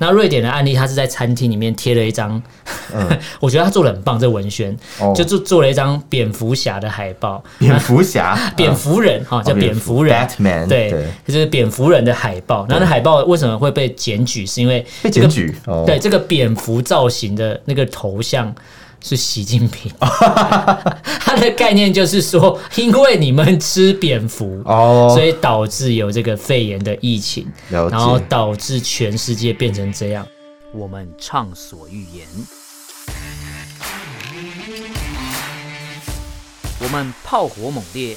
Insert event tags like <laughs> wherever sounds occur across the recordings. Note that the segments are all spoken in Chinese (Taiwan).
那瑞典的案例，他是在餐廳裡面貼了一張、嗯， <laughs> 我覺得他做的很棒。這文宣、哦、就做做了一張蝙蝠俠的海報，蝙蝠俠、啊、蝙蝠人，哈、哦，叫蝙蝠，蝙蝠人 Batman, 對，對，就是蝙蝠人的海報。那那海報為什麼會被檢舉？是因為、這個、被檢舉，對，這個蝙蝠造型的那個頭像。是習近平， <laughs> 他的概念就是說，因為你們吃蝙蝠，哦，Oh，所以導致有這個肺炎的疫情，然後導致全世界變成這樣。我們暢所欲言，我們炮火猛烈，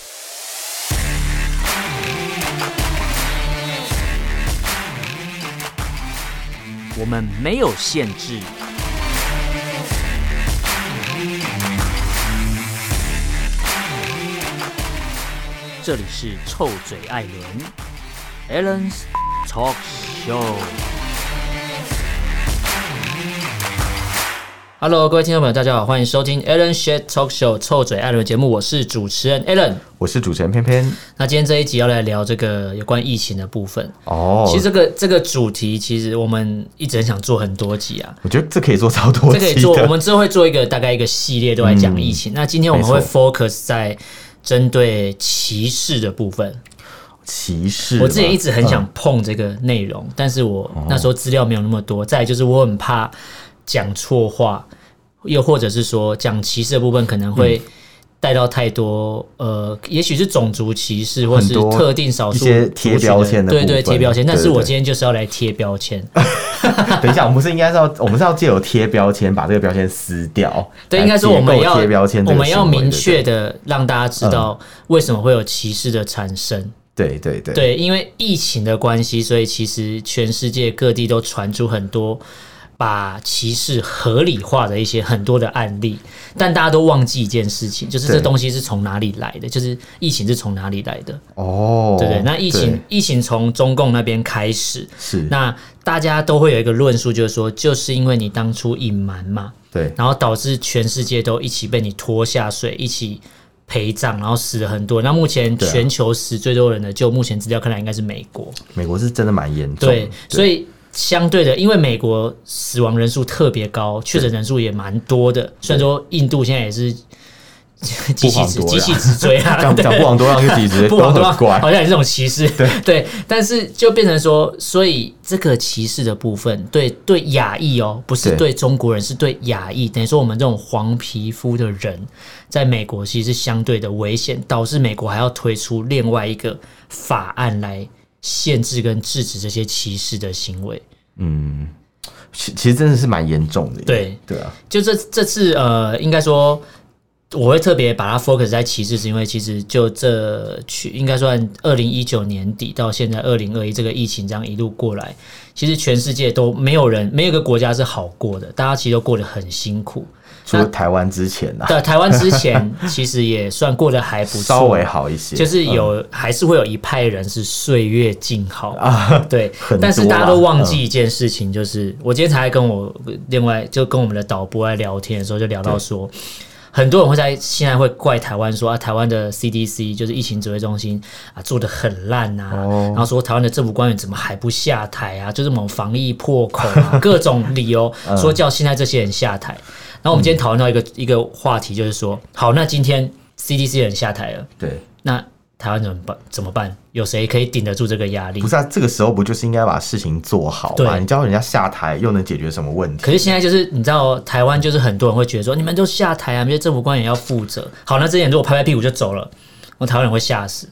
我們沒有限制。這裡是臭嘴艾倫 Alan's Talk Show。Hello，各位聽眾朋友，大家好，歡迎收聽 Alan's Shit Talk Show 臭嘴艾倫節目。我是主持人 Alan。我是主持人偏偏。那今天這一集要來聊這個有關疫情的部分哦。Oh, 其實這個這個主題，其實我們一直很想做很多集啊。我覺得這可以做超多集，這可以做我們之後會做一個大概一個系列，都來講疫情，嗯。那今天我們會 focus 在。針對歧視的部分，歧視，我自己一直很想碰這個內容，嗯，但是我那時候資料沒有那麼多哦，再來就是我很怕講錯話，又或者是說講歧視的部分可能會，嗯。帶到太多，呃，也許是種族歧視，或是特定少數一些貼標籤的，對對，對，貼標籤。但是我今天就是要來貼標籤。 <laughs> 對對對 <laughs> 等一下，我們不是應該是要，我們是要借由貼標籤把這個標籤撕掉。對，應該說我們要貼標籤，我們要明確的讓大家知道為什麼會有歧視的產生。對對對，對，對，因為疫情的關係，所以其實全世界各地都傳出很多。把歧視合理化的一些很多的案例，但大家都忘記一件事情，就是這東西是從哪裡來的，就是疫情是從哪裡來的哦，對不對？那疫情疫情從中共那邊開始，是，那大家都會有一個論述，就是說，就是因為你當初隱瞞嘛，對，然後導致全世界都一起被你拖下水，一起陪葬，然後死了很多。那目前全球死最多人的就目前資料看來應該是美國，美國是真的蠻嚴重的，對，對，所以。相對的，因為美國死亡人數特別高，確診人數也蠻多的，嗯。雖然說印度現在也是急，嗯、起直追急起直追啊，講不遑多讓是底子，不遑多怪，好像有這種歧視。對對，對，但是就變成說，所以這個歧視的部分，對對亞裔哦，喔，不是對中國人，對是對亞裔，等於說我們這種黃皮膚的人，在美國其實是相對的危險，導致美國還要推出另外一個法案來。限制跟制止這些歧視的行為，嗯，其其實真的是蠻嚴重的。對對啊，就這這次呃，應該說我會特別把它 focus 在歧視，是因為其實就這去應該算二零一九年底到現在二零二一這個疫情這樣一路過來，其實全世界都沒有人沒有一個國家是好過的，大家其實都過得很辛苦。那、啊、台灣之前呢、啊？對，台灣之前其實也算過得還不錯， <laughs> 稍微好一些。就是有、嗯、還是會有一派人是歲月靜好啊，對。但是大家都忘記一件事情，就是、嗯、我今天才跟我另外就跟我們的導播在聊天的時候，就聊到說，很多人會在現在會怪台灣說啊，台灣的 CDC 就是疫情指揮中心啊，做得很爛吶、啊哦。然後說台灣的政府官員怎麼還不下台啊？就這、是、麼防疫破口、啊， <laughs> 各種理由說叫現在這些人下台。然後我們今天討論到一個、嗯、一個話題，就是說，好，那今天 CDC 人下台了，對，那台灣人怎麼辦？怎麼辦？有誰可以頂得住這個壓力？不是啊，這個時候不就是應該把事情做好嗎？對，你叫人家下台，又能解決什麼問題？可是現在就是，你知道、喔，台灣就是很多人會覺得說，你們都下台啊，這些政府官員要負責。好，那這點如果拍拍屁股就走了，我台灣人會嚇死。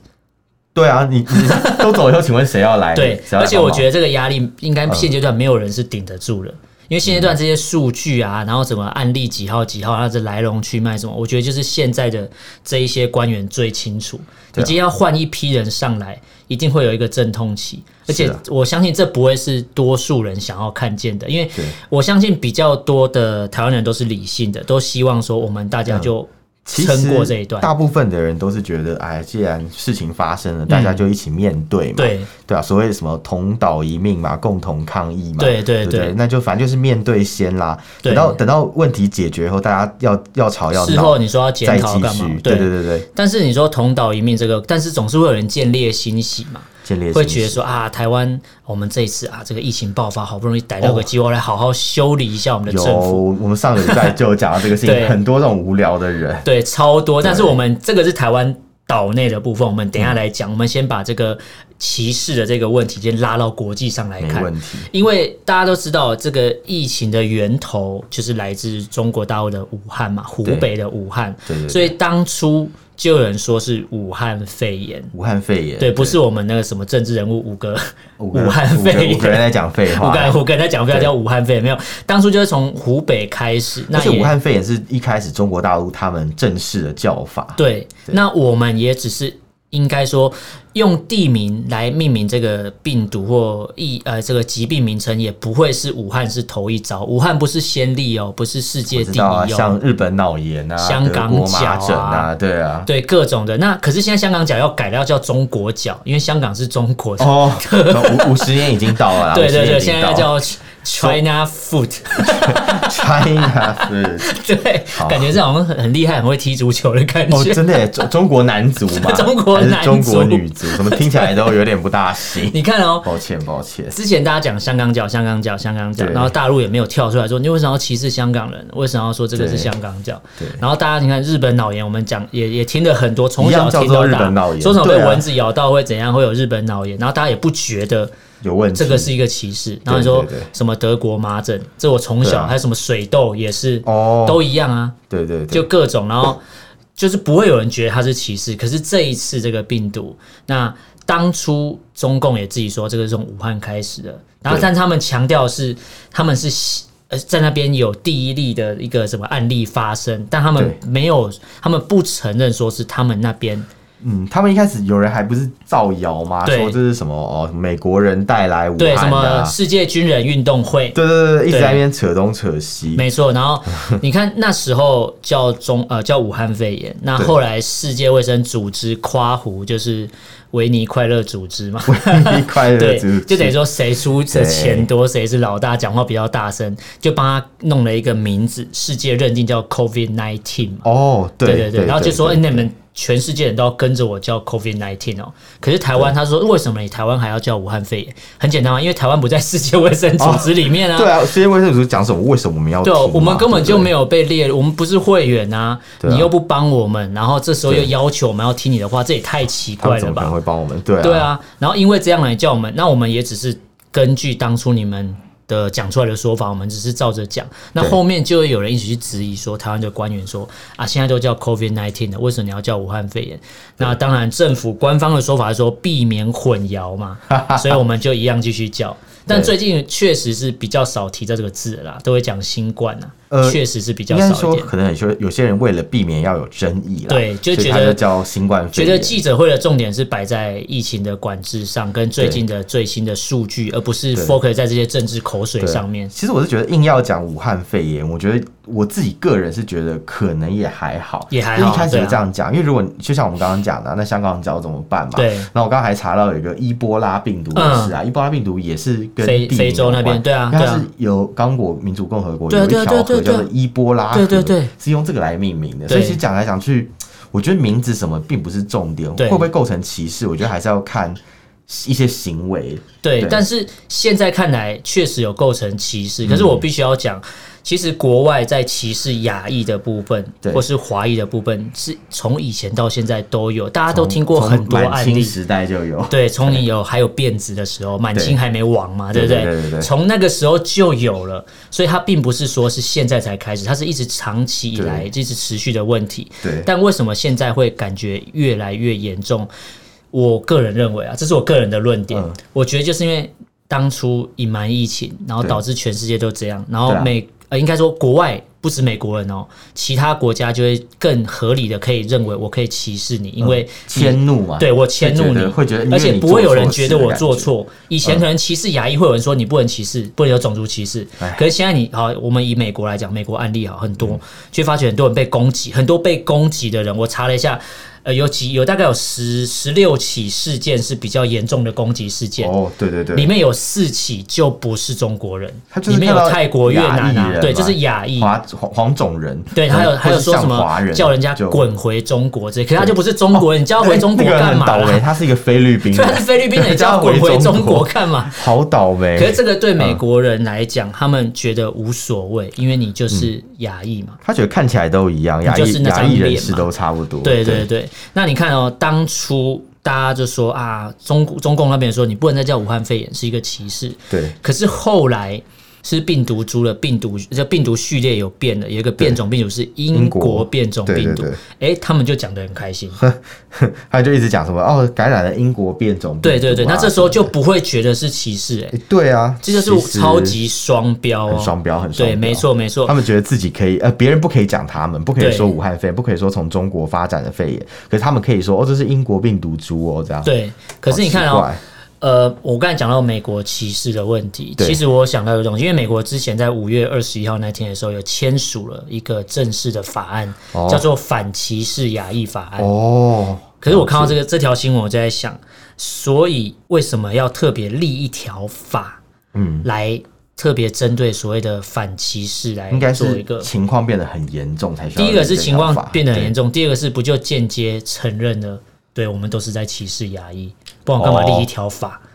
對啊，你你都走以後， <laughs> 請問誰要來？對來，而且我覺得這個壓力，應該現階段沒有人是頂得住了。嗯因為現階段這些數據啊，然後什麼案例，幾號幾號，它這來龍去脈什麼，我覺得就是現在的這一些官員最清楚。你今天要換一批人上來，一定會有一個陣痛期，而且我相信這不會是多數人想要看見的，因為我相信比較多的台灣人都是理性的，都希望說我們大家就。其實大部分的人都是覺得，哎，既然事情發生了，大家就一起面對嘛，嗯、對對、啊、所謂什麼同島一命嘛，共同抗疫嘛對對對，對對對，那就反正就是面對先啦。等到等到問題解決後，大家要要吵要鬧，之後你說要再繼續，對對對對，對。但是你說同島一命這個，但是總是會有人見獵心喜嘛。會覺得說啊，台灣，我們這一次啊，這個疫情爆發，好不容易逮到個機會來好好修理一下我們的政府。我們上禮拜就有講到這個事情， <laughs> 很多這種無聊的人，對，超多。但是我們這個是台灣島內的部分，我們等下來講。我們先把這個歧視的這個問題先拉到國際上來看，沒問題。因為大家都知道，這個疫情的源頭就是來自中國大陸的武漢嘛，湖北的武漢，所以當初。就有人說是武漢肺炎，武漢肺炎對，對，不是我們那個什麼政治人物五哥，武漢肺炎，我剛才在講廢話，我剛我剛才講非常叫武漢肺炎，沒有，當初就是從湖北開始，而且武漢肺炎是一開始中國大陸他們正式的叫法，對，對，那我們也只是。應該說，用地名來命名這個病毒或疫呃這個疾病名稱，也不會是武漢是頭一遭。武漢不是先例哦，不是世界第一，哦啊。像日本腦炎啊，香港腳啊，啊，對啊，對各種的。那可是現在香港腳要改掉，叫中國腳，因為香港是中國。哦， <laughs> 五五十年已，已經到了，對對對，現在叫。China foot，China foot， <laughs> 對、啊，感覺這好像很很厲害，很會踢足球的感覺。哦，真的耶，中中國男足嘛，中國男足， <laughs> 中,國男還是中國女足，怎 <laughs> 麼聽起來都有點不大行？你看哦，抱歉抱歉，之前大家講香港腳，香港腳，香港腳，然後大陸也沒有跳出來說，你為什麼要歧視香港人？為什麼要說這個是香港腳？對，然後大家你看日本腦炎，我們講也也聽得很多，從小聽到大，從小被蚊子咬到會怎,、啊、會怎樣，會有日本腦炎，然後大家也不覺得。有問題，這個是一個歧視。然後說什麼德國麻疹，這我從小、啊，還有什麼水痘也是，oh, 都一樣啊。對，對對，就各種，然後就是不會有人覺得它是歧視。 <laughs> 可是這一次這個病毒，那當初中共也自己說這個是從武漢開始的，然後但他們強調是他們是呃在那邊有第一例的一個什麼案例發生，但他們沒有，他們不承認說是他們那邊。嗯，他們一開始有人還不是造謠嗎？對？說這是什麼哦，美國人帶來武漢的什麼世界軍人運動會？對對對，一直在那邊扯東扯西。沒錯，然後你看那時候叫中呃叫武漢肺炎， <laughs> 那後來世界衛生組織誇胡就是維尼快樂組織嘛，維尼快樂組織。就等於說，誰出的錢多誰是老大，講話比較大聲，就幫他弄了一個名字，世界認定叫 COVID nineteen 哦、oh,，對對對，然後就說，對對對、欸、你們。全世界人都要跟着我叫 COVID nineteen 哦，可是台灣他說為什麼你台灣還要叫武漢肺炎？很簡單啊，因為台灣不在世界衛生組織裡面啊。對啊，世界衛生組織講什麼？為什麼我們要聽？對，我們根本就沒有被列入，我們不是會員啊。你又不幫我們，然後這時候又要求我們要聽你的話，這也太奇怪了吧？會幫我們？對啊，然後因為這樣來叫我們，那我們也只是根據當初你們的講出來的說法，我們只是照着講。那後面就會有人一起去質疑說，台灣的官員說啊，現在都叫 COVID-19 了，為什麼你要叫武漢肺炎？那當然，政府官方的說法是說避免混淆嘛， <laughs> 所以我們就一樣繼續叫。但最近確實是比較少提到這個字啦，都會講新冠啊。呃，確實是比較少。應該說，可能有些有些人為了避免要有爭議了，對，就覺得就叫新冠肺炎，覺得記者會的重點是擺在疫情的管制上，跟最近的最新的數據，而不是 focus 在這些政治口水上面。其實我是覺得硬要講武漢肺炎，我覺得。我自己個人是覺得可能也還好，也還好一開始就這樣講、啊，因為如果就像我們剛剛講的、啊，那香港腳怎麼辦嘛？對。那我剛才查到有一個伊波拉病毒的事啊、嗯，伊波拉病毒也是跟非洲那邊，對啊，對啊，它是有剛果民主共和國有一條河叫做伊波拉河，病毒，是用這個來命名的。所以其實講來講去，我覺得名字什麼並不是重點，會不會構成歧視，我覺得還是要看。一些行為對，對，但是現在看來確實有構成歧視。嗯、可是我必須要講，其實國外在歧視亞裔的部分，或是華裔的部分，是從以前到現在都有，大家都聽過很多案例。滿清時代就有對，從你有還有辮子的時候，滿清還沒亡嘛，對不對，對，對，對，對？從那個時候就有了，所以它並不是說是現在才開始，它是一直長期以來一直持續的問題。對，對，但為什麼現在會感覺越來越嚴重？我個人認為啊，這是我個人的論點、嗯。我覺得就是因為當初隱瞞疫情，然後導致全世界都這樣，然後美、啊、呃，應該說國外不止美國人哦、喔，其他國家就會更合理的可以認為我可以歧視你，因為遷、嗯、怒啊，對我遷怒你會覺得，會覺得你覺，而且不會有人覺得我做錯。以前可能歧視亞裔會有人說你不能歧視，不能有種族歧視，可是現在你好，我們以美國來講，美國案例啊很多，嗯、就發覺很多人被攻擊，很多被攻擊的人，我查了一下。有幾有大概有十十六起事件是比較嚴重的攻擊事件哦，Oh, 對對對，裡面有四起就不是中國人，他就是裡面有泰國、越南啊，對，就是亞裔、黃黃種人，對，他還有還有、啊、說什麼叫人家滾回中國？這可是他就不是中國人，你叫回中國幹嘛？那個，倒霉。他是一個菲律賓人，雖 <laughs> 然是菲律賓人，你叫他滾回中國幹嘛？ <laughs> 好倒霉。可是這個對美國人來講，嗯，他們覺得無所謂，因為你就是亞裔嘛，嗯，他覺得看起來都一樣，就是亞裔人士都差不多。對對對，對。對那你看哦，當初大家就說啊，中中共那邊說你不能再叫武漢肺炎，是一個歧視。對，可是後來。是病毒株的病毒。這病毒序列有變的，有一個變種病毒是英國變種病毒。哎、欸，他們就講得很開心， <laughs> 他就一直講什麼哦，感染了英國變種、啊。對對對，那這時候就不會覺得是歧視哎、欸。對啊，這就是超級雙標啊、哦，雙標很雙標對，沒錯沒錯。他們覺得自己可以，呃，別人不可以講他們，不可以說武漢肺炎，不可以說從中國發展的肺炎，可是他們可以說哦，這是英國病毒株哦，這樣。對，可是你看啊、哦。呃，我剛才講到美國歧視的問題，其實我想到一種，因為美國之前在五月二十一號那天的時候，有簽署了一個正式的法案，哦、叫做反歧視亞裔法案。哦，可是我看到這個這條新聞，我就在想，所以為什麼要特別立一條法？嗯，來特別針對所謂的反歧視來做一個？應該說一個情況變得很嚴重才。第一個是情況變得很嚴重，第二個是不就間接承認了？對我們都是在歧視亞裔，不管幹嘛立一條法。哦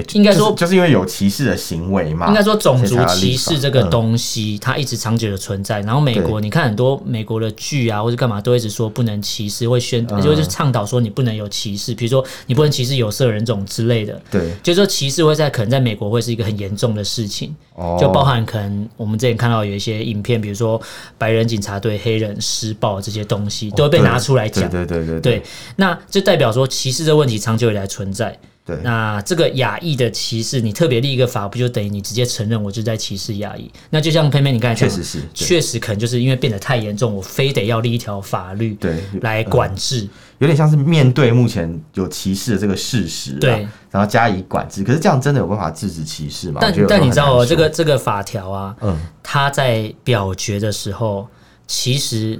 對，應該說、就是、就是因為有歧視的行為嘛。應該說種族歧視這個東西，它一直長久的存在。然後美國，你看很多美國的劇啊，嗯、或者幹嘛，都一直說不能歧視，會宣，嗯、就,就是倡導說你不能有歧視。比如說你不能歧視有色人種之類的。嗯、對，就是說歧視會在可能在美國會是一個很嚴重的事情。哦。就包含可能我們之前看到有一些影片，比如說白人警察對黑人施暴這些東西，都會被拿出來講、哦。對對對對,對,對。那就代表說歧視的問題長久以來存在。對，那這個亞裔的歧視，你特別立一個法，不就等於你直接承認我就是在歧視亞裔？那就像佩佩你剛才講，確實是，確實可能就是因為變得太嚴重，我非得要立一條法律對來管制有，嗯，有點像是面對目前有歧視的這個事實，啊，對，然後加以管制。可是這樣真的有辦法制止歧視嗎？但但，但你知道哦、喔，這個這個法條啊，嗯，它在表決的時候，其實。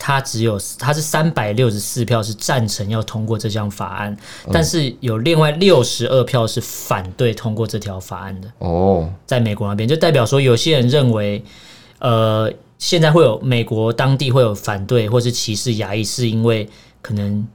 他只有他是三百六十四票是贊成要通過這項法案。嗯、但是有另外六十二票是反對通過這條法案的哦，在美國那邊就代表說有些人認為，呃，現在會有美國當地會有反對或是歧視亞裔，是因為可能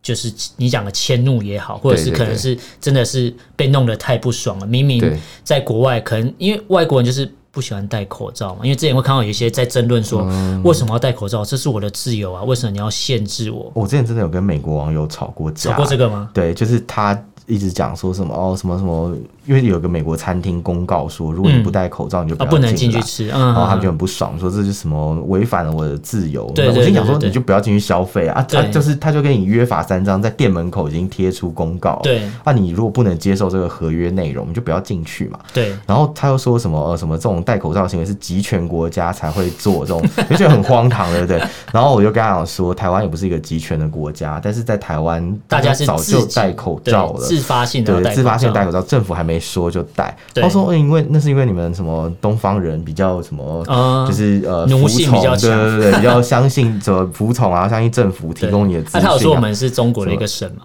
就是你講的遷怒也好，或者是可能是真的是被弄得太不爽了。明明在國外，可能因為外國人就是。不喜歡戴口罩嘛？因為之前會看到有一些在爭論說，為什麼要戴口罩、嗯？這是我的自由啊！為什麼你要限制我？我、哦、之前真的有跟美國網友吵過。吵過這個嗎？對，就是他。一直講說什麼哦，什麼什麼，因為有個美國餐廳公告說，如果你不戴口罩，你就不要進、嗯啊、去吃、嗯。然後他們就很不爽，說這是什麼違反了我的自由。對對對對對對，我就講說，你就不要進去消費啊。他、啊、就是，他就跟你約法三章，在店門口已經貼出公告。對，那、啊、你如果不能接受這個合約內容，你就不要進去嘛。對。然後他又說什麼、呃、什麼這種戴口罩行為是集權國家才會做這種，覺 <laughs> 得很荒唐，對不對？然後我就跟他講說，台灣也不是一個集權的國家，但是在台灣大家早就戴口罩了。自發性的戴，自發性戴口罩，政府還沒說就戴。他說：“嗯、欸，因為那是因為你們什麼東方人比較什麼，嗯、就是呃，奴性比較強，對對對，比較相信什麼服從啊， <laughs> 相信政府提供你的資料。啊他有說我們是中國的一個省嘛。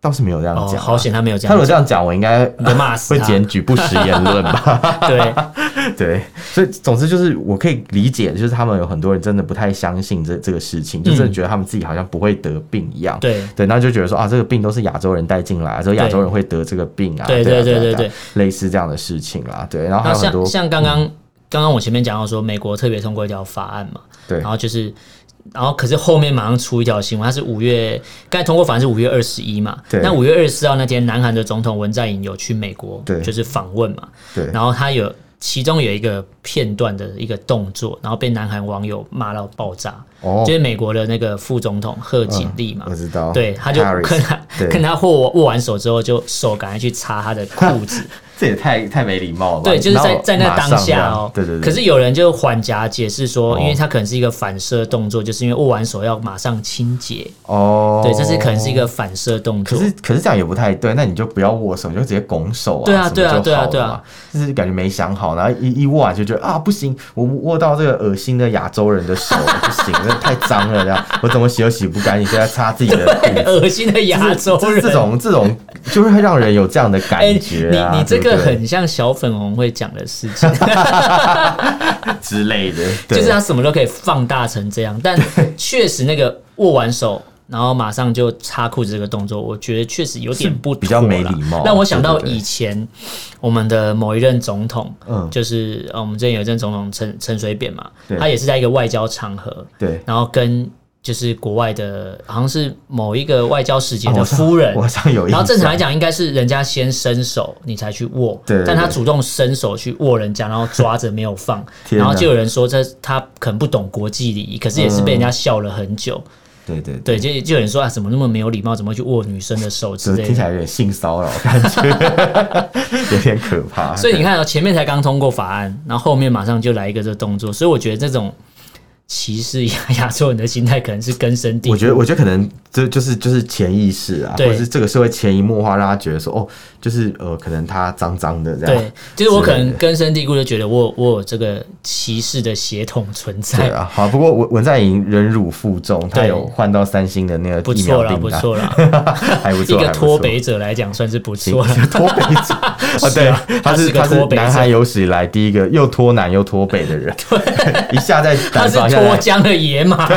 倒是沒有這樣講、啊哦，好險他沒有這樣。他如果這樣講，我應該會罵死，會檢舉不實言論吧？ <laughs> 對對，所以總之就是我可以理解，就是他們有很多人真的不太相信這這個事情，就真的覺得他們自己好像不會得病一樣。對、嗯、對，那就覺得說啊，這個病都是亞洲人帶進來，之後亞洲人會得這個病啊，對對，對對對對對，類似這樣的事情啦、啊。對。然後，還有很多然後，像像剛剛剛剛我前面講到說，美國特別通過一條法案嘛，對，然後就是。然後，可是後面馬上出一條新聞，他是五月，剛才通過反正是五月二十一嘛？對。那五月二十四號那天，南韓的總統文在寅有去美國，就是訪問嘛。對。然後他有其中有一個片段的一個動作，然後被南韓網友罵到爆炸。哦。就是美國的那個副總統賀錦麗嘛？嗯、對，他就跟他 Harris, 跟他握握完手之後，就手趕快去擦他的褲子。 <laughs> 這也太太沒禮貌了吧。對，就是在站在那當下哦。對對對。可是有人就緩頰解釋說，哦、因為他可能是一個反射動作，就是因為握完手要馬上清潔。哦。對，這是可能是一個反射動作。可是可是這樣也不太對，那你就不要握手，就直接拱手啊。對啊對啊對啊對啊！就、啊啊、是感覺沒想好，然後一一握啊，就覺得啊不行，我握到這個噁心的亞洲人的手不 <laughs> 行，太髒了這樣， <laughs> 我怎麼洗都洗不乾淨，你現在擦自己的。噁心的亞洲人，這種這，這種，這種就會、是、讓人有這樣的感覺、啊 <laughs> 欸。你你這個對對。很像小粉紅會講的事情 <laughs> <laughs> 之類的對，就是他什麼都可以放大成這樣，但確實那個握完手然後馬上就擦褲子這個動作，我覺得確實有點不比較沒禮貌。讓我想到以前我們的某一任總統，嗯，就是呃我們之前有一任總統陳陳水扁嘛，他也是在一個外交場合，對，然後跟。就是國外的，好像是某一個外交使節的夫人、啊，然後正常來講應該是人家先伸手，你才去握。對對對，但他主動伸手去握人家，然後抓着沒有放，然後就有人說他他可能不懂國際禮儀，可是也是被人家笑了很久。嗯、對對就就有人說啊，怎麼那麼沒有禮貌，怎麼會去握女生的手之類，聽起來有點性騷擾 <laughs> 感覺，有點可怕。 <laughs> 所以你看到、哦、前面才剛通過法案，然後後面馬上就來一個這個動作，所以我覺得這種。歧視亞亞洲人的心態可能是根深蒂固。我覺得，我覺得可能。這就是就是潛意識啊，對或者是這個社會潛移默化讓他覺得說哦，就是呃，可能他髒脏的這樣。對，就是我可能根深蒂固就覺得我我有這個歧視的血統存在。對啊，好啊，不過文文在寅忍辱負重，他有換到三星的那個疫苗訂單不錯了，不錯了，還不錯，一個脫北者來講算是不錯了。脫北者對，他是他是,北他是南韓有史以來第一個又脫南又脫北的人，對，一下在他是脫韁的野馬，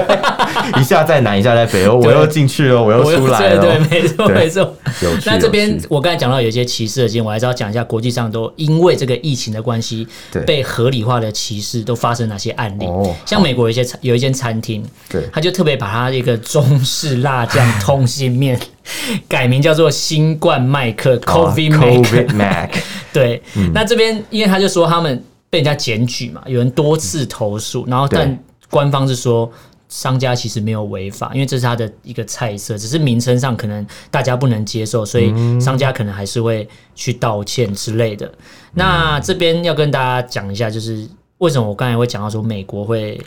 一下在南一下在北，哦，我又進。去了，我又出來了。對對，對，沒錯沒錯。有趣。那這邊我剛才講到有一些歧視的事情，我還是要講一下國際上都因為這個疫情的關係被合理化的歧視都發生哪些案例？像美國有一些、哦、有一間餐廳，對，他就特別把他一個中式辣醬通心麵 <laughs> 改名叫做新冠麥克、 <laughs> oh, （COVID Mac）。嗯、 <laughs> 對，那這邊因為他就說他們被人家檢舉嘛，有人多次投訴、嗯，然後但官方是說。商家其實沒有違法，因為這是他的一個菜色，只是名稱上可能大家不能接受，所以商家可能還是會去道歉之類的。嗯、那這邊要跟大家講一下，就是為什麼我剛才會講到說美國會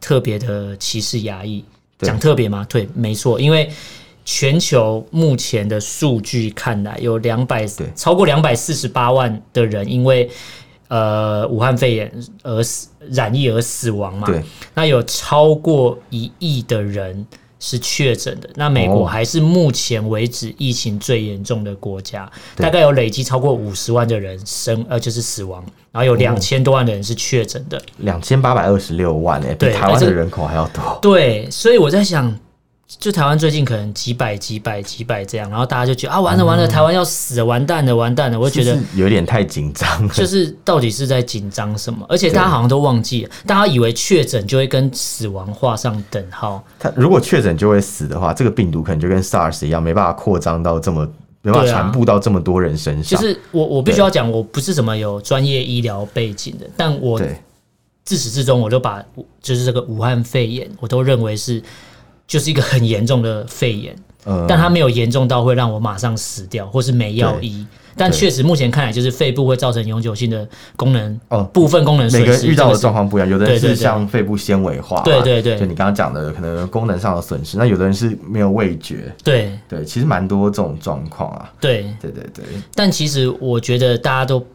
特別的歧視亞裔，講特別嗎？對，沒錯，因為全球目前的數據看來有200，有兩百超過兩百四十八萬的人因為呃，武漢肺炎而死，染疫而死亡嘛。對，那有超過一億的人是確診的哦。那美國還是目前為止疫情最嚴重的國家，大概有累計超過五十萬的人生，呃，就是死亡，然後有兩千多萬的人是確診的，兩千八百二十六萬誒、欸，比台灣的人口還要多。對，對所以我在想。就台灣最近可能幾百幾百幾百這樣，然後大家就覺得啊，完了完了，嗯、台灣要死了，完蛋了，完蛋了，我就覺得有點太緊張。就是到底是在緊張什麼？而且大家好像都忘記了，大家以為確診就會跟死亡畫上等號。他如果確診就會死的話，這個病毒可能就跟 SARS 一樣，沒辦法擴張到這麼，沒辦法傳播到這麼多人身上。就是我我必須要講，我不是什麼有專業醫療背景的，但我自始至終我都把就是這個武漢肺炎，我都認為是。就是一個很嚴重的肺炎，嗯、但它沒有嚴重到會讓我馬上死掉，或是沒藥醫。但確實目前看來，就是肺部會造成永久性的功能哦部分功能損失每個遇到的狀況不一樣，這個、對對對有的人是像肺部纖維化，對對對，就你剛剛講的可能功能上的損失對對對。那有的人是沒有味覺，對對,對，其實蠻多這種狀況啊。對對對,對對對，但其實我覺得大家都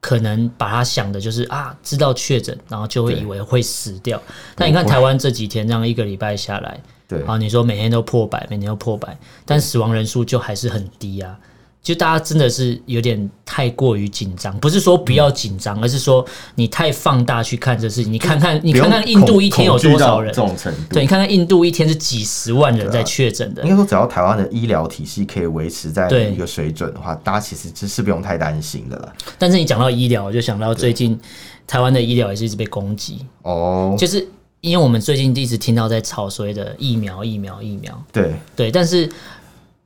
可能把它想的就是啊，知道確診，然後就會以為會死掉。那你看台灣這幾天這樣一個禮拜下來。對啊，你說每天都破百，每天都破百，但死亡人數就還是很低啊、嗯。就大家真的是有點太過於緊張，不是說不要緊張、嗯，而是說你太放大去看這事情。就是、你看看，你看看印度一天有多少人？這種程度。對，你看看印度一天是幾十萬人在確診的。啊、應該說，只要台灣的醫療體系可以維持在一個水準的話，大家其實是不用太擔心的了。但是你講到醫療，我就想到最近台灣的醫療也是一直被攻擊哦，就是。因為我們最近一直聽到在吵，所謂的疫苗，疫苗，疫苗。對對，但是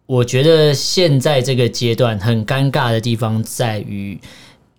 我覺得現在這個階段很尷尬的地方在於，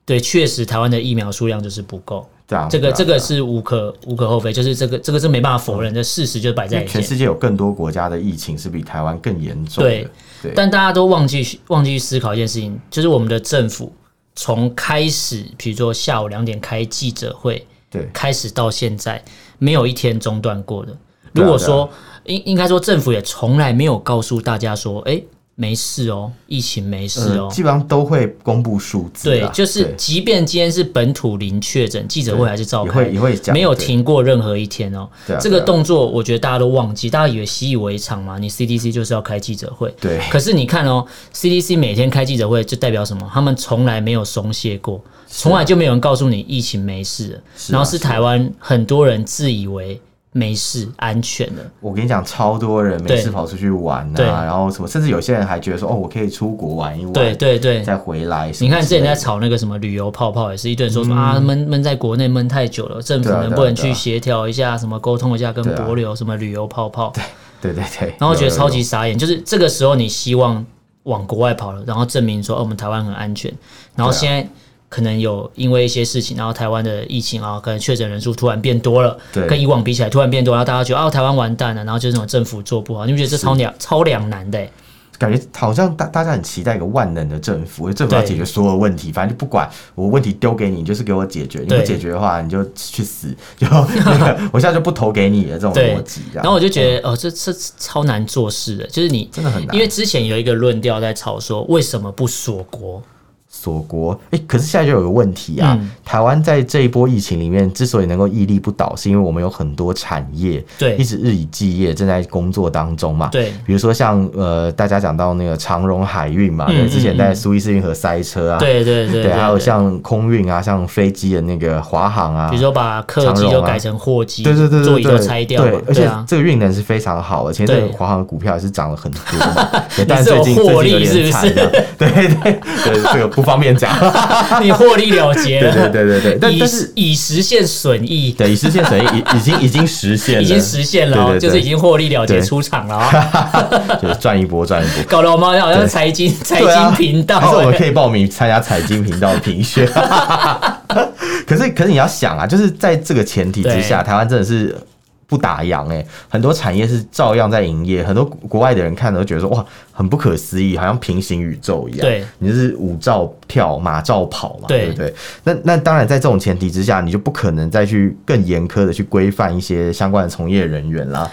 對，確實台灣的疫苗數量就是不夠。對這，這個這，這個是無可無可厚非，就是這個這個是沒辦法否認的、嗯、事實就擺在，就擺在眼前，全世界有更多國家的疫情是比台灣更嚴重。對，對但大家都忘記忘記思考一件事情，就是我們的政府從開始，比如說下午兩點開記者會，對，開始到現在。沒有一天中斷過的。如果說，應、啊、應該說，政府也從來沒有告訴大家說，哎，沒事哦，疫情沒事哦。嗯、基本上都會公布數字、啊。對，就是即便今天是本土零確診，記者會還是召開，也會，也會講，沒有停過任何一天哦。啊、這個動作，我覺得大家都忘記、啊啊，大家以為習以為常嘛。你 CDC 就是要開記者會，對。可是你看哦，CDC 每天開記者會，就代表什麼？他們從來沒有鬆懈過。從、啊、來就沒有人告訴你疫情沒事、啊，然後是台灣很多人自以為沒事、啊啊、安全的。我跟你講，超多人沒事跑出去玩吶、啊，然後什麼，甚至有些人還覺得說：“哦，我可以出國玩一玩。”對對對，再回來。你看之前在炒那個什麼旅遊泡泡，也是一頓說說、嗯、啊，悶悶在國內悶太久了，政府能不能去協調一下，什麼溝通一下跟帛琉什麼旅遊泡泡，對？對對對對，然後我覺得超級傻眼，有有有，就是這個時候你希望往國外跑了，然後證明說哦，我們台灣很安全，然後現在。可能有因為一些事情，然後台灣的疫情啊，然後可能確診人數突然變多了，跟以往比起來突然變多，然後大家覺得啊，台灣完蛋了，然後就這種政府做不好，你不覺得這超兩超兩難的、欸？感覺好像大大家很期待一個萬能的政府，政府要解決所有問題，反正就不管我問題丟給你，你就是給我解決，你不解決的話，你就去死，就、那個、 <laughs> 我現在就不投給你的這種邏輯，然後我就覺得、嗯、哦，這這超難做事的，就是你真的很難，因為之前有一個論調在吵說，為什麼不鎖國？鎖國哎，可是現在就有個問題啊。嗯、台灣在這一波疫情裡面之所以能夠屹立不倒，是因為我們有很多產業對，一直日以繼夜正在工作當中嘛。對，比如說像呃，大家講到那個長榮海運嘛，嗯嗯嗯之前在蘇伊士運河塞車啊，對對對,對,對,對,對，還有像空運啊，像飛機的那個華航啊，比如說把客機就改成貨機，啊、對,對,對,對對對，座椅都拆掉對對對對對對。對，而且這個運能是非常好的，現在華航的股票也是漲了很多嘛，對 <laughs> 但是,最近,是,有是,是最近有點慘的對對對，這個 <laughs> 不妨。方面講，你獲利了結了對對對對對，但是已，已實現損益，對，已實現損益，已已經已經實現，已經實現了，現了喔、對對對，就是已經獲利了結，出場了、喔，對對對 <laughs> 就是賺一波賺一波，搞得我們好像財經財經頻道，但、啊、是我們可以報名參加財經頻道評選。 <laughs> 可是可是你要想啊，就是在這個前提之下，台灣真的是不打烊，哎、欸，很多產業是照樣在營業，很多國外的人看了都覺得說，哇，很不可思議，好像平行宇宙一樣。對，你就是舞照跳馬照跑嘛，對，對不對。那那當然，在這種前提之下，你就不可能再去更嚴苛的去規範一些相關的從業人員啦，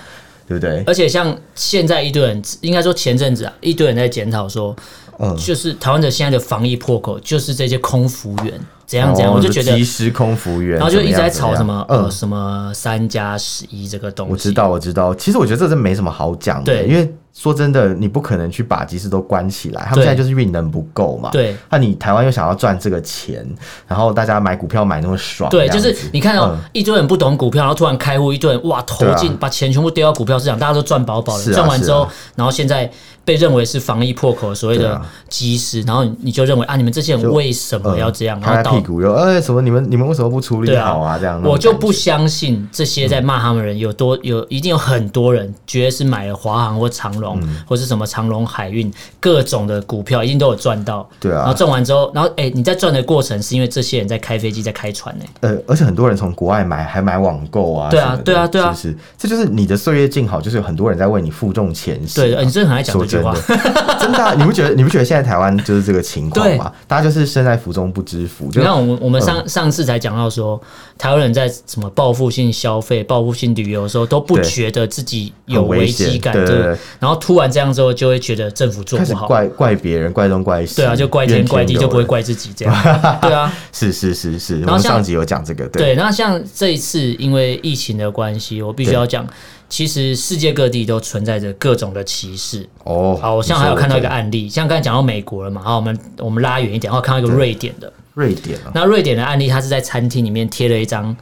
對不對？而且像現在一堆人，應該說前陣子啊，一堆人在檢討說。嗯，就是台灣的現在的防疫破口，就是這些空服員怎樣怎樣，我就覺得機師、空服員，然後就一直在吵什麼呃什麼三加十一這個東西，嗯。我知道，我知道，其實我覺得這真沒什麼好講的，對，因為。說真的，你不可能去把機師都關起來，他們現在就是運能不夠嘛。對，那、啊、你台灣又想要賺這個錢，然後大家買股票買那麼爽，對，就是你看哦、喔嗯，一堆人不懂股票，然後突然開戶，一堆人哇投進、啊，把錢全部丟到股票市場，大家都賺飽飽的，賺、啊、完之後、啊，然後現在被認為是防疫破口所，所謂的機師，然後你就認為啊，你們這些人為什麼要這樣？拍、嗯、屁股又哎、欸，什麼？你們你們為什麼不處理好啊？啊這樣，我就不相信這些在罵他們的人、嗯、有多有，一定有很多人覺得是買了華航或長。龍、嗯、或是什麼長榮海運各種的股票，一定都有賺到。對啊，然後賺完之後，然後哎、欸，你在賺的過程，是因為這些人在開飛機，在開船呢、欸。呃，而且很多人從國外買，還買網購啊。對啊，對啊，對啊，是是對啊這就是你的歲月靜好，就是有很多人在為你負重前行。對、呃，你真的很愛講這句話。 <laughs> <laughs> 真的大，你不覺得？你不覺得現在台灣就是這個情況嗎？大家就是身在福中不知福。就你看我們，我們我們上、嗯、上次才講到說，台灣人在什麼報復性消費、報復性旅游的時候，都不覺得自己有危機感，對、對、對、對。然後突然這樣之後，就會覺得政府做不好，對對對，就不好怪，怪別人，怪東怪西。對啊，就怪天怪地，就不會怪自己這樣。 <laughs> 對啊，是是是是。我們上集有講這個，對。那像這一次因為疫情的關係，我必須要講。其實世界各地都存在着各種的歧視哦。Oh, 好，像我像還有看到一個案例，像剛才講到美國了嘛，好我們我們拉遠一點，然後看到一個瑞典的瑞典啊、哦。那瑞典的案例，他是在餐廳裡面貼了一張、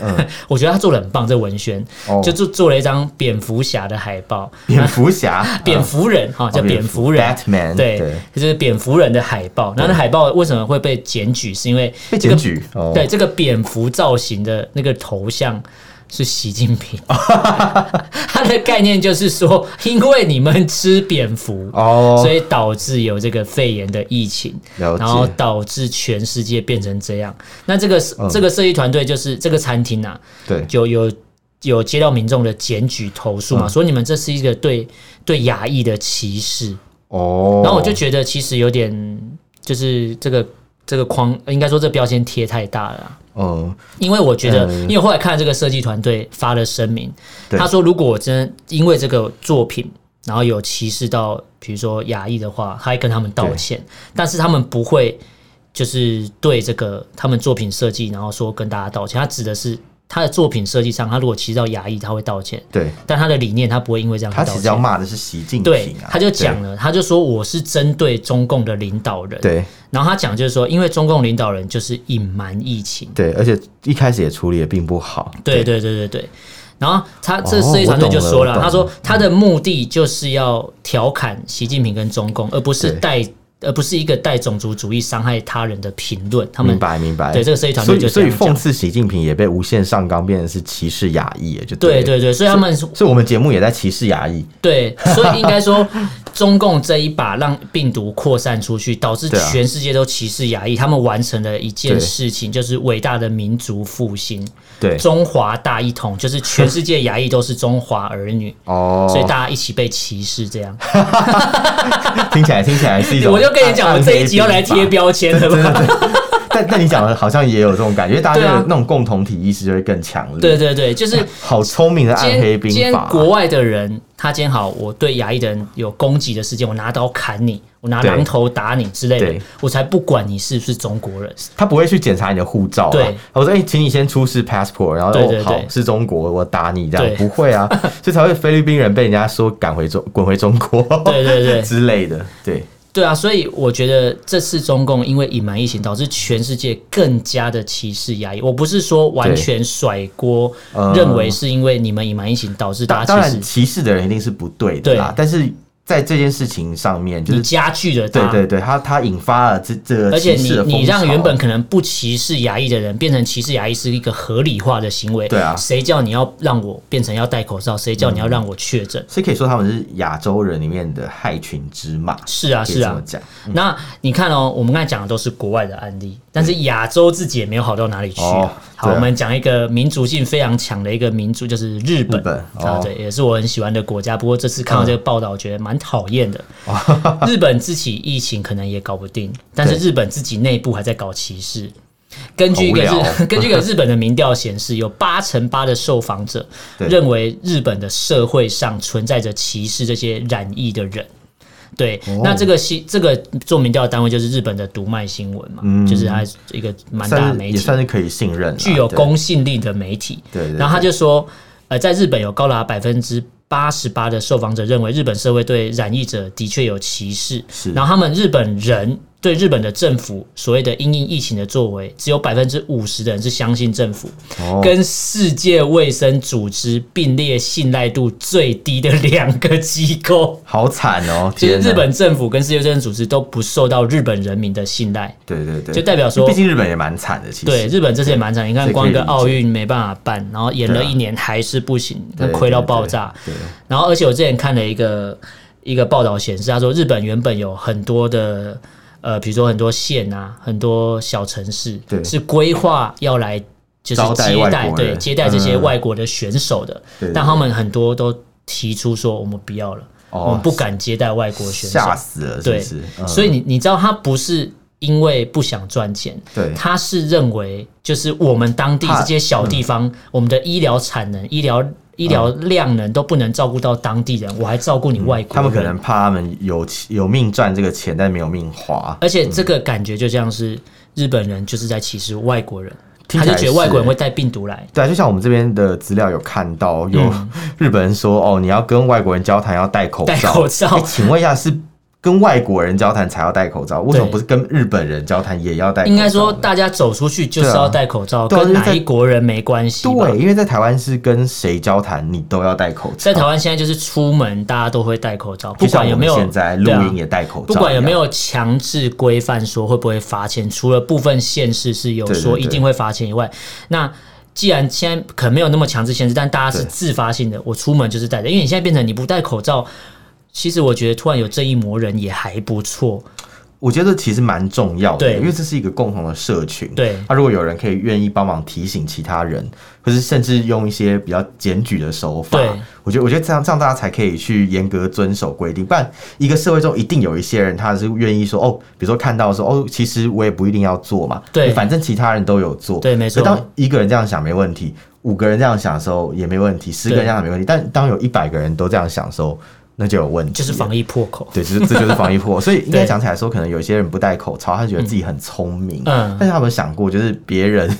嗯，我覺得他做的很棒，這個、文宣、哦、就做做了一張蝙蝠俠的海報，蝙蝠俠、啊、蝙蝠人哈，叫、啊哦、蝙蝠人、Batman，對，就是蝙蝠人的海報。那那海報為什麼會被檢舉？是因為、這個、被檢舉、哦？對，這個蝙蝠造型的那個頭像。是習近平， <laughs> 他的概念就是說，因為你們吃蝙蝠，哦、oh,，所以導致有這個肺炎的疫情，然後導致全世界變成這樣。那這個、嗯、這個設計團隊就是這個餐廳啊，對，就有有接到民眾的檢舉投訴嘛、嗯，說你們這是一個對對亞裔的歧視哦。Oh, 然後我就覺得其實有點就是這個。這個框應該說這標籤貼太大了、啊。嗯、哦，因為我覺得，嗯、因為後來看這個設計團隊發了聲明，他說如果我真因為這個作品，然後有歧視到比如說亞裔的話，他還跟他們道歉，但是他們不會就是對這個他們作品設計，然後說跟大家道歉，他指的是。他的作品設計上，他如果提到亞裔他會道歉。對，但他的理念，他不會因為這樣道歉。他其實要罵的是習近平啊，對，他就講了，他就說我是針對中共的領導人。對，然後他講就是說，因為中共領導人就是隱瞞疫情，對，而且一開始也處理也並不好。對，對，對，對，對。然後他這設計團隊就說了，他說他的目的就是要調侃習近平跟中共，而不是帶。而不是一個帶種族主義傷害他人的評論，他們明白明白。對這個社會團隊，所以諷刺習近平也被無限上綱，變成是歧視亞裔，哎，就對，對對對，所以他們是，所以我們節目也在歧視亞裔。對，所以應該說， <laughs> 中共這一把讓病毒擴散出去，導致全世界都歧視亞裔，他們完成了一件事情，就是偉大的民族復興，對中華大一統，就是全世界亞裔都是中華兒女哦， <laughs> 所以大家一起被歧視，這樣 <laughs> 聽起來聽起來是一種。都跟你講，我這一集要來貼標籤、啊，對吧？但 <laughs> 但對對 <laughs> 你講的，好像也有這種感覺，因為大家那種共同體意識就會更強了、啊。對對對，就是好聰明的暗黑兵法。今天今天國外的人，他今天好，我對亞裔的人有攻擊的事件，我拿刀砍你，我拿榔頭打你之類的，我才不管你是不是中國人，他不會去檢查你的護照。對，我說：“哎、欸，請你先出示 passport。”然後對對，對好是中國，我打你這樣，不會啊，所 <laughs> 才會菲律賓人被人家說趕回中，滾回中國，對，對對對之類的，對。對啊，所以我覺得這次中共因為隱瞞疫情，導致全世界更加的歧視、壓抑。我不是說完全甩鍋，認為是因為你們隱瞞疫情導致大家歧視、嗯。當然，歧視的人一定是不對的啦。對，但是。在這件事情上面、就是，你加劇了對對對，他他引發了這這個歧視的風潮。而且你你讓原本可能不歧視亞裔的人，變成歧視亞裔是一個合理化的行為。對啊，誰叫你要讓我變成要戴口罩？誰叫你要讓我確診？所、嗯、以可以說他們是亞洲人裡面的害群之馬。是啊是啊、嗯，那你看哦，我們剛才講的都是國外的案例，但是亞洲自己也沒有好到哪裡去。 <laughs> 啊。好，我們講一個民族性非常強的一個民族，就是日本，日本啊、哦，對，也是我很喜歡的國家。不過這次看到這個報道、嗯，我覺得蠻。討厭的，日本自己疫情可能也搞不定，但是日本自己內部還在搞歧視。根據一個，根據一個，據一個日本的民調顯示，有八成八的受訪者認為日本的社會上存在着歧視這些染疫的人。對，對那這個新、哦、這個做民調單位就是日本的讀賣新聞嘛、嗯，就是他是一個蠻大的媒體，算也算是可以信任、具有公信力的媒體。對，對，對，對，對，然後他就說，呃，在日本有高達百分之。八十八的受訪者認為，日本社會對染疫者的確有歧視。是，然後他們日本人，對日本的政府所謂的因應疫情的作為，只有百分之五十的人是相信政府，哦、跟世界衛生組織並列信賴度最低的兩個機構。好慘哦、啊！其實日本政府跟世界衛生組織都不受到日本人民的信賴。對對對，就代表說，畢竟日本也蠻慘的。其實對，日本這次也蠻慘。你看光，光一個奧運沒辦法辦，然後演了一年、啊、還是不行，那虧到爆炸。對。然後，而且我之前看了一個一個報道，顯示他說，日本原本有很多的。呃，比如說很多縣啊，很多小城市，是規劃要來就是接待，待，對，接待這些外國的選手的，嗯嗯嗯，但他們很多都提出說我們不要了，哦、我們不敢接待外國選手，嚇死了是不是、嗯，對，所以你你知道他不是因為不想賺錢，對，他，他是認為就是我們當地這些小地方，嗯、我們的醫療產能醫療。醫療量能都不能照顧到當地人，嗯、我還照顧你外國人。他們可能怕他們有有命賺這個錢，但沒有命花。而且這個感覺就像是日本人就是在歧視外國人，他、嗯、就覺得外國人會帶病毒來。對，就像我們這邊的資料有看到，有、嗯、日本人說：“哦，你要跟外國人交談，要戴口罩。”戴口罩、欸。請問一下是。跟外國人交談才要戴口罩，為什麼不是跟日本人交談也要戴口罩？應該說，大家走出去就是要戴口罩，啊、跟哪一國人沒關係。對，因為在台灣是跟誰交談你，你都要戴口罩。在台灣現在就是出門大家都會戴口罩，不管有沒有現在錄音也戴口罩，不管有沒有強、啊、制規範說會不會罰錢，除了部分縣市是有說一定會罰錢以外對對對對。那既然現在可能沒有那麼強制限制，但大家是自發性的，我出門就是戴着，因為你現在變成你不戴口罩。其實我覺得突然有正義魔人也還不錯。我覺得其實蠻重要的，因為這是一個共同的社群。對、啊，那如果有人可以願意幫忙提醒其他人，或是甚至用一些比較檢舉的手法，對我，我覺得我覺得這樣這樣大家才可以去嚴格遵守規定。不然，一個社會中一定有一些人他是願意說哦，比如說看到說哦，其實我也不一定要做嘛，對，反正其他人都有做，對，沒錯。那當一個人這樣想沒問題，五個人這樣想的時候也沒問題，十個人這樣也沒問題，但當有一百個人都這樣想的時候。那就有問題，就是防疫破口。對，就是這就是防疫破口。 <laughs> 所以應該講起來說，可能有些人不戴口罩，他覺得自己很聰明，嗯，但是他有沒有想過，就是別人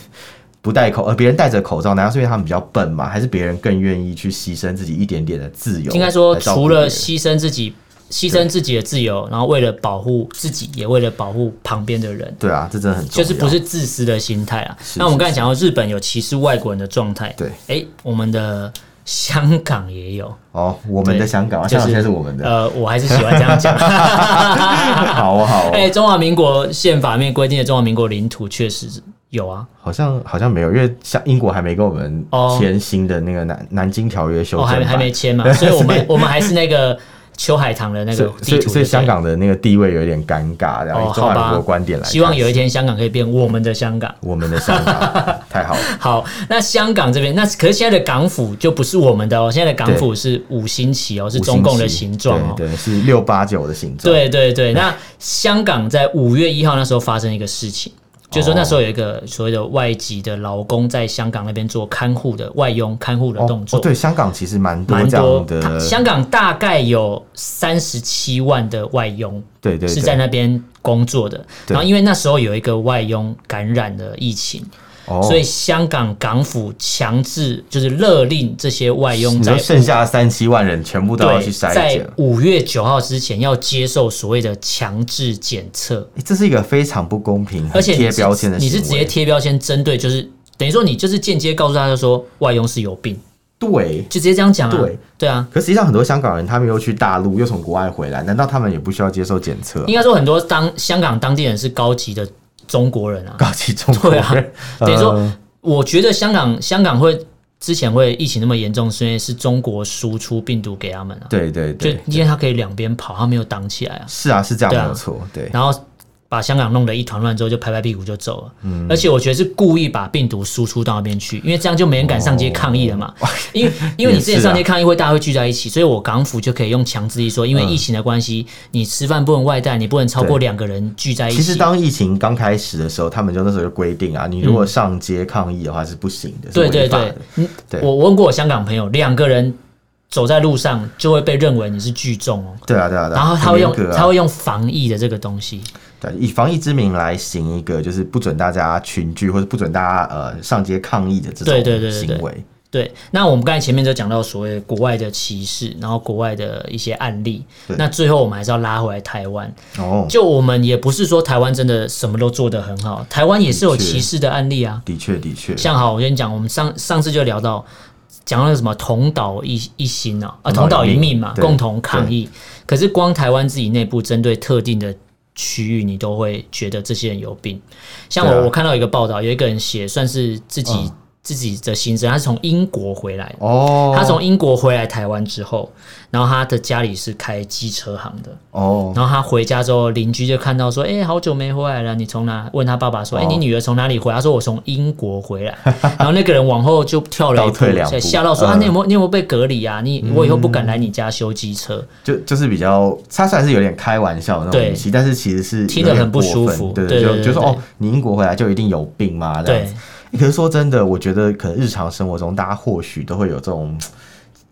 不戴口，而別人戴着口罩，難道是因為他們比較笨嗎？還是別人更願意去犧牲自己一點點的自由？應該說，除了犧牲自己，犧牲自己的自由，然後為了保護自己，也為了保護旁邊的人。對啊，這真的很聰明，就是不是自私的心態啊。那我們剛才講到日本有歧視外國人的狀態，對，哎、欸，我們的。香港也有哦，我們的香港，啊就是，現在是我們的。呃，我還是喜歡這樣講。 <laughs> <laughs> 好啊，好啊，好、欸、啊。《中華民國憲法》裡面規定的《中華民國領土》確實有啊。好像好像沒有，因為像英國還沒跟我們簽新的那個南、哦，《南南京條約修》修正版，還沒，還沒簽嘛，所以我們 <laughs> 我們還是那個。秋海棠的那個，地圖所，所以香港的那個地位有點尷尬，然後從很多觀點來、哦，希望有一天香港可以變我們的香港，我們的香港 <laughs> 太好了。好，那香港這邊，那可是現在的港府就不是我們的哦，現在的港府是五星旗哦，是中共的形狀哦，對，對，對，是六八九的形狀。對對對，那香港在五月一號那時候發生一個事情。 <laughs> 就是、說那時候有一個所謂的外籍的勞工在香港那邊做看護的外傭看護的動作，對，香港其實蠻蠻多的，香港大概有三十七萬的外傭，對對，是在那邊工作的。然後因為那時候有一個外傭感染了疫情。Oh, 所以香港港府強制就是勒令這些外傭，然後剩下三七萬人全部都要去篩檢，在五月九號之前要接受所謂的強制檢測，這是一個非常不公平的，而且貼標籤的，你是直接貼標籤針對，就是等於說你就是間接告訴大家說外傭是有病，對，就直接這樣講啊，對對啊。可實際上很多香港人他們又去大陸，又從國外回來，難道他們也不需要接受檢測？應該說很多當香港當地人是高級的。中國人啊，高級中國人對、啊，嗯、等於說，我覺得香港香港會之前會疫情那麼嚴重，是因為是中國輸出病毒給他們啊。對對對，對，就因為他可以兩邊跑，對對對對，他沒有擋起來啊。是啊，是這樣，沒錯、啊，對。然後。把香港弄得一團亂之後，就拍拍屁股就走了。嗯，而且我覺得是故意把病毒輸出到那邊去，因為這樣就沒人敢上街抗議了嘛。因為因為你之前上街抗議，會大家會聚在一起，所以我港府就可以用強制力說，因為疫情的關係，你吃飯不能外帶，你不能超過兩個人聚在一起。其實當疫情剛開始的時候，他們就那時候就規定啊，你如果上街抗議的話是不行的，對對對，嗯，我問過我香港朋友，兩個人走在路上就會被認為你是聚眾哦。對啊，對啊，然後他會用他會用防疫的這個東西。以防疫之名來行一個就是不准大家群聚，或者不准大家呃上街抗議的這種行為。對，對，對，對，對，那我們剛才前面就講到所謂國外的歧視，然後國外的一些案例。那最後我們還是要拉回來台灣哦。就我們也不是說台灣真的什麼都做得很好，台灣也是有歧視的案例啊。的確，的確，像好，我跟你講，我們上上次就聊到，講到什麼同島一一心、喔、啊，啊同島一,一命嘛，共同抗疫。可是光台灣自己內部針對特定的，區域你都會覺得這些人有病，像我，對啊，我看到一個報道，有一個人寫，算是自己，哦。自己的新生，他是從英國回來。哦、oh.，他從英國回來台灣之後，然後他的家裡是開機車行的。哦、oh.，然後他回家之後，鄰居就看到說：“哎、欸，好久沒回來了，你從哪？”問他爸爸說：“哎、oh. 欸，你女兒從哪裡回來？”他說：“我從英國回來。Oh. ”然後那個人往後就跳了一步，嚇 <laughs> 到說：“啊，你有沒有你有沒有被隔離啊？嗯、你我以後不敢來你家修機車。就”就就是比較，他算是有點開玩笑那種語氣，但是其實是聽得很不舒服。對對對，對，對，對，對，對，就是、說：“哦，你英國回來就一定有病嘛。」對。可是說真的，我覺得可能日常生活中大家或許都會有這種。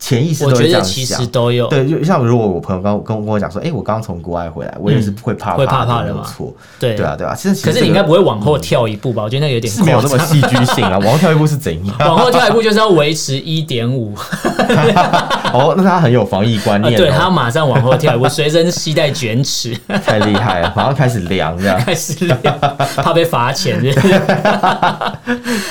潛意識我覺得其實都有對，就像如果我朋友剛跟我講說，哎、欸，我剛從國外回來，我也是不會怕怕的錯、嗯。對怕怕嘛對，對啊，對吧、啊，其實、其實、這個，可是你應該不會往後跳一步吧？嗯、我覺得那個有點是沒有那麼戲劇性啊。 <laughs> 往後跳一步是怎樣？往後跳一步就是要維持一點五。哦，那他很有防疫觀念、哦呃，對，他馬上往後跳一步，隨身攜帶捲尺， <laughs> 太厲害了！馬上開始量，了開始量，怕被罰錢。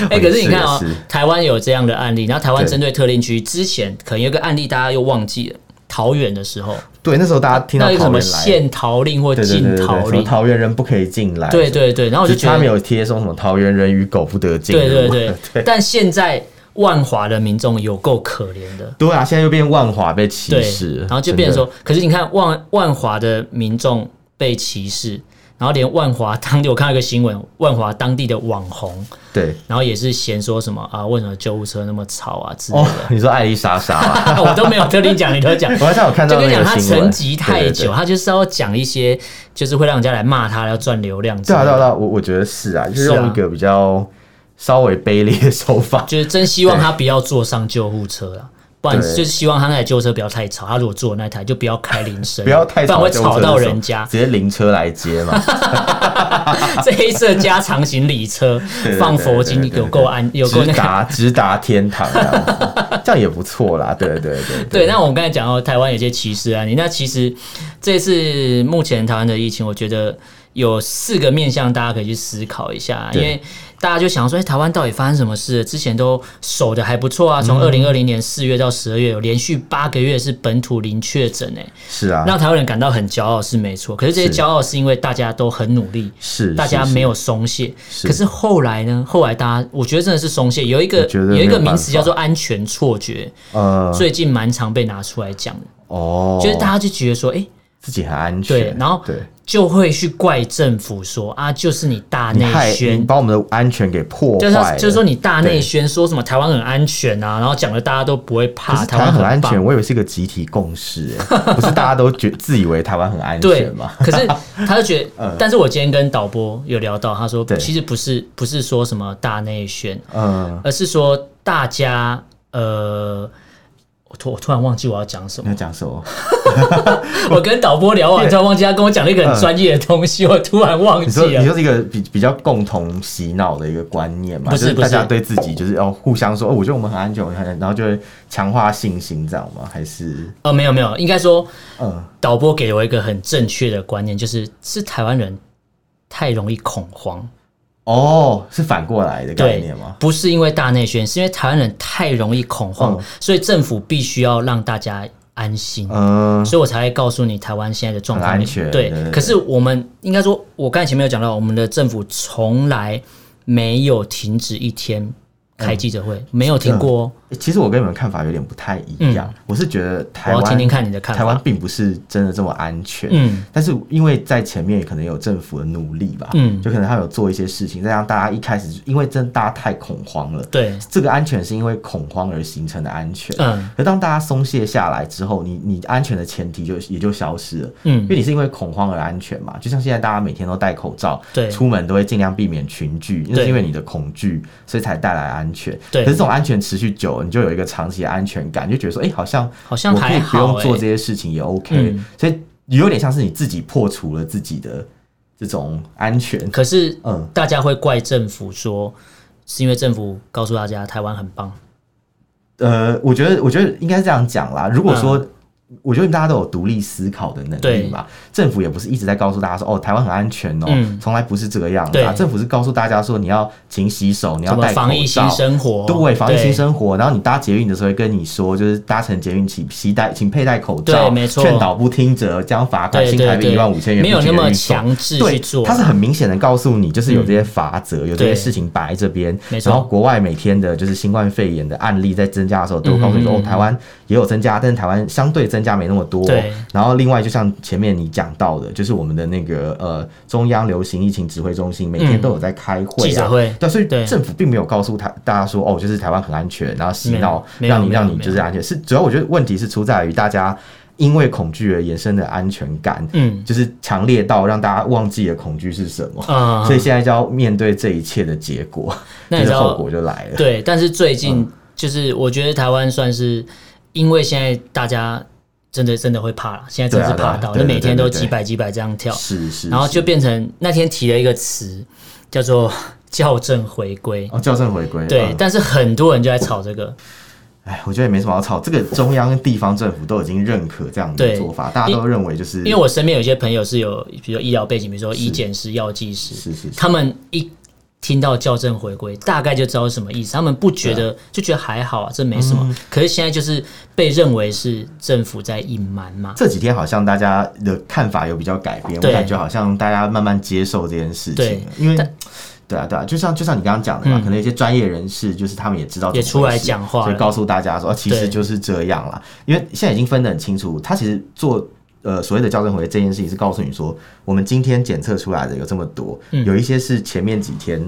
哎、 <laughs> <laughs> <laughs> 欸，可是你看哦，是是台灣有這樣的案例，然後台灣針對特定區之前可以。有一個案例，大家又忘記了桃園的時候，對，那時候大家聽到對對對對對什麼限桃令或禁桃令，桃園人不可以進來、來。對對對，然後我就、覺得就他們有貼說什麼桃園人與狗不得進。對對對、對、對，但現在萬華的民眾有夠可憐的，對啊，現在又變萬華被歧視，然後就變成說，可是你看萬萬華的民眾被歧視。然後連萬華當地我看了個新聞，萬華當地的網紅對，然後也是嫌說什麼啊，為什麼救護車那麼吵啊之類的。哦、你說艾莉莎莎， <laughs> 我都沒有特地講，你都講。我剛才有看到那個新聞，他沉寂太久對對對，他就是稍微講一些，就是會讓人家來罵他，要賺流量。這樣、啊對,啊、對啊，我我覺得是啊，是啊就是用一個比較稍微卑劣的手法，就是真希望他不要坐上救護車啊不然就是希望他那台舊車不要太吵，他如果坐那台就不要開鈴聲， <laughs> 不，要太吵，不然會吵到人家。直接靈車來接嘛 <laughs> <laughs> 這一，這黑色加長行李車放佛經有夠安，有夠那個，直達直達天堂這， <laughs> 這樣也不錯啦。對對對，對對對對，那我們剛才講到台灣有些歧視啊，你那其實這次目前台灣的疫情，我覺得有四個面向大家可以去思考一下，因為。大家就想說，哎、欸，台灣到底發生什麼事？之前都守得還不錯啊，從二零二零年四月到十二月，嗯，有連續八個月是本土零確診，哎，是啊，讓台灣人感到很驕傲是沒錯。可是這些驕傲是因為大家都很努力，是大家沒有鬆懈。可是後來呢？後來大家我覺得真的是鬆懈，有一個有，有一個名詞叫做“安全錯覺”，呃，最近蠻常被拿出來講的哦，就是大家就覺得說，哎、欸。自己很安全，對，然後就會去怪政府說啊，就是你大內宣把我們的安全給破壞就，就是說你大內宣說什麼台灣很安全啊，然後講的大家都不會怕台灣很，很安全，我以為是一個集體共識、欸， <laughs> 不是大家都覺自以為台灣很安全嘛？ <laughs> 可是他就覺得、 <laughs> 呃，但是我今天跟導播有聊到，他說其實不是不是說什麼大內宣，嗯、呃，而是說大家呃。突，我突然忘記我要講什麼。要講什麼？ <laughs> 我跟導播聊完，突 <laughs> 然忘記他跟我講了一個很專業的東西、嗯，我突然忘記了。你說你就是一個比比較共同洗腦的一個觀念嘛？不是，不是，就是、大家對自己就是要、哦、互相說、哦，我覺得我們很安全，我安全然後就會強化信心，知道嗎？還是？哦、呃，沒有沒有，應該說，嗯，導播給了我一個很正確的觀念，就是是台灣人太容易恐慌。哦，是反過來的概念嗎？不是因為大內宣，是因為台灣人太容易恐慌，嗯，所以政府必須要讓大家安心。嗯，所以我才會告訴你台灣現在的狀況。對，對，對，對，可是我們應該說，我剛才前面有講到，我們的政府從來沒有停止一天。開記者會沒有聽過、嗯。其實我跟你們看法有點不太一樣。嗯、我是覺得台灣，我要聽聽看你的看法。台灣並不是真的這麼安全。嗯。但是因為在前面也可能有政府的努力吧，嗯，就可能他有做一些事情，再讓大家一開始，因為真的大家太恐慌了，對，這個安全是因為恐慌而形成的安全。嗯。而當大家鬆懈下來之後，你你安全的前提就也就消失了。嗯。因為你是因為恐慌而安全嘛，就像現在大家每天都戴口罩，對，出門都會儘量避免群聚，那是因為你的恐懼，所以才帶來安全。安全，對，可是這種安全持續久了，你就有一個長期的安全感，你就覺得說，哎、欸，好像好像還好、欸、我可以不用做這些事情也 OK，嗯，所以有點像是你自己破除了自己的這種安全。可是，嗯，大家會怪政府說，嗯，是因為政府告訴大家台灣很棒。呃，我覺得我覺得應該這樣講啦。如果說。嗯我覺得大家都有獨立思考的能力吧。政府也不是一直在告訴大家說，哦、喔，台灣很安全哦、喔，從、嗯、來不是這樣子、啊。對，政府是告訴大家說，你要勤洗手，你要戴口罩，防疫新生活，對，防疫新生活。然後你搭捷運的時候跟你說，就是搭乘捷運請攜帶，請佩戴口罩。對，沒錯。勸導不聽者將罰款新台幣一萬五千元。沒有那麼強制去做。他是很明顯的告訴你，就是有這些罰則、嗯，有這些事情擺在這邊。沒錯。然後國外每天的就是新冠肺炎的案例在增加的時候，都告訴你說、嗯，哦，台灣。也有增加，但是台灣相對增加沒那麼多。對。然後另外，就像前面你講到的，就是我們的那個呃中央流行疫情指揮中心、嗯、每天都有在開會、啊，記者會。對，所以政府並沒有告訴台大家說哦，就是台灣很安全，然後洗腦讓你讓你就是安全。是主要我覺得問題是出在於大家因為恐懼而延伸的安全感，嗯，就是強烈到讓大家忘記了恐懼是什麼。嗯。所以現在就要面對這一切的結果，那、嗯、後果就來了、嗯。對，但是最近、嗯、就是我覺得台灣算是。因為現在大家真的真的會怕了，現在真的是怕到，就每天都幾百幾百這樣跳，是是，然後就變成那天提了一個詞，叫做校正回歸。哦，校正回歸，對，但是很多人就在吵這個。哎，我覺得也沒什麼要吵，這個中央、地方政府都已經認可這樣的做法，大家都認為就是。因為我身邊有些朋友是有，比如醫療背景，比如說醫檢師、藥劑師，是是，他們一。聽到校正回歸，大概就知道是什麼意思。他們不覺得，啊、就覺得還好啊，這沒什麼、嗯。可是現在就是被認為是政府在隱瞞嘛。這幾天好像大家的看法有比較改變，我感覺好像大家慢慢接受這件事情。對因為，對啊，對啊，就像就像你剛剛講的，嘛、嗯，可能有些專業人士就是他們也知道，也出來講話，所以告訴大家說，啊、其實就是這樣了。因為現在已經分得很清楚，他其實做。呃，所謂的校正回歸這件事情是告訴你說，我們今天檢測出來的有這麼多、嗯，有一些是前面幾天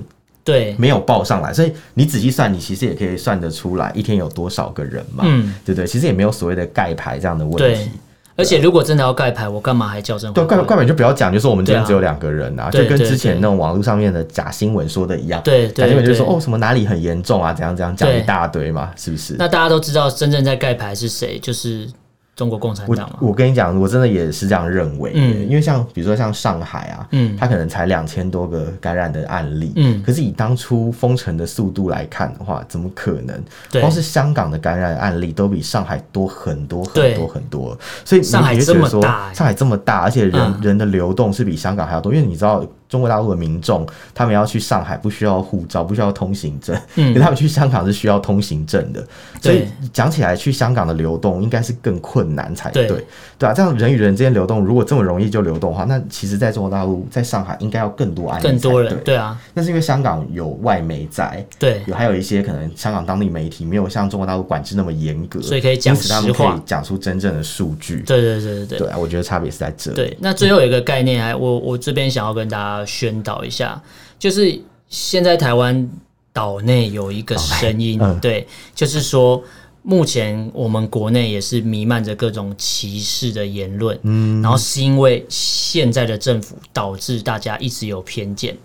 對沒有報上來，所以你仔細算，你其實也可以算得出來一天有多少個人嘛，嗯、對不對,對？其實也沒有所謂的蓋牌這樣的問題。而且如果真的要蓋牌，我幹嘛還校正回歸？對，蓋蓋牌就不要講，就是我們今天只有兩個人啊,啊，就跟之前那種網絡上面的假新聞說的一樣，對，對，新聞就說對對哦什麼哪裡很嚴重啊，怎樣怎樣講一大堆嘛，是不是？那大家都知道真正在蓋牌是誰，就是。中國共產黨嘛，我跟你講，我真的也是這樣認為、嗯。因為像比如說像上海啊，嗯、它可能才兩千多個感染的案例，嗯，可是以當初封城的速度來看的話，怎麼可能？對，光是香港的感染案例都比上海多很多很多很多，所以你覺得上海這麼大、欸，上海這麼大，而且人、嗯、人的流動是比香港還要多，因為你知道。中國大陸的民眾，他們要去上海不需要護照，不需要通行證。嗯，因為他們去香港是需要通行證的。對，所以講起來，去香港的流動應該是更困難才對，對，對啊。這樣人與人之間流動，如果這麼容易就流動的話，那其實，在中國大陸，在上海應該要更多安全，更多人。對啊。那是因為香港有外媒在，對，有還有一些可能香港當地媒體沒有像中國大陸管制那麼嚴格，所以可以講實話，因此他們就可以講出真正的數據。對對對對對，對啊，我覺得差別是在這裡。對，那最後一個概念還，還我我這邊想要跟大家。要宣導一下，就是現在台灣島內有一個聲音，oh, 對、嗯，就是說目前我們國內也是瀰漫着各種歧視的言論，嗯，然後是因為現在的政府導致大家一直有偏見。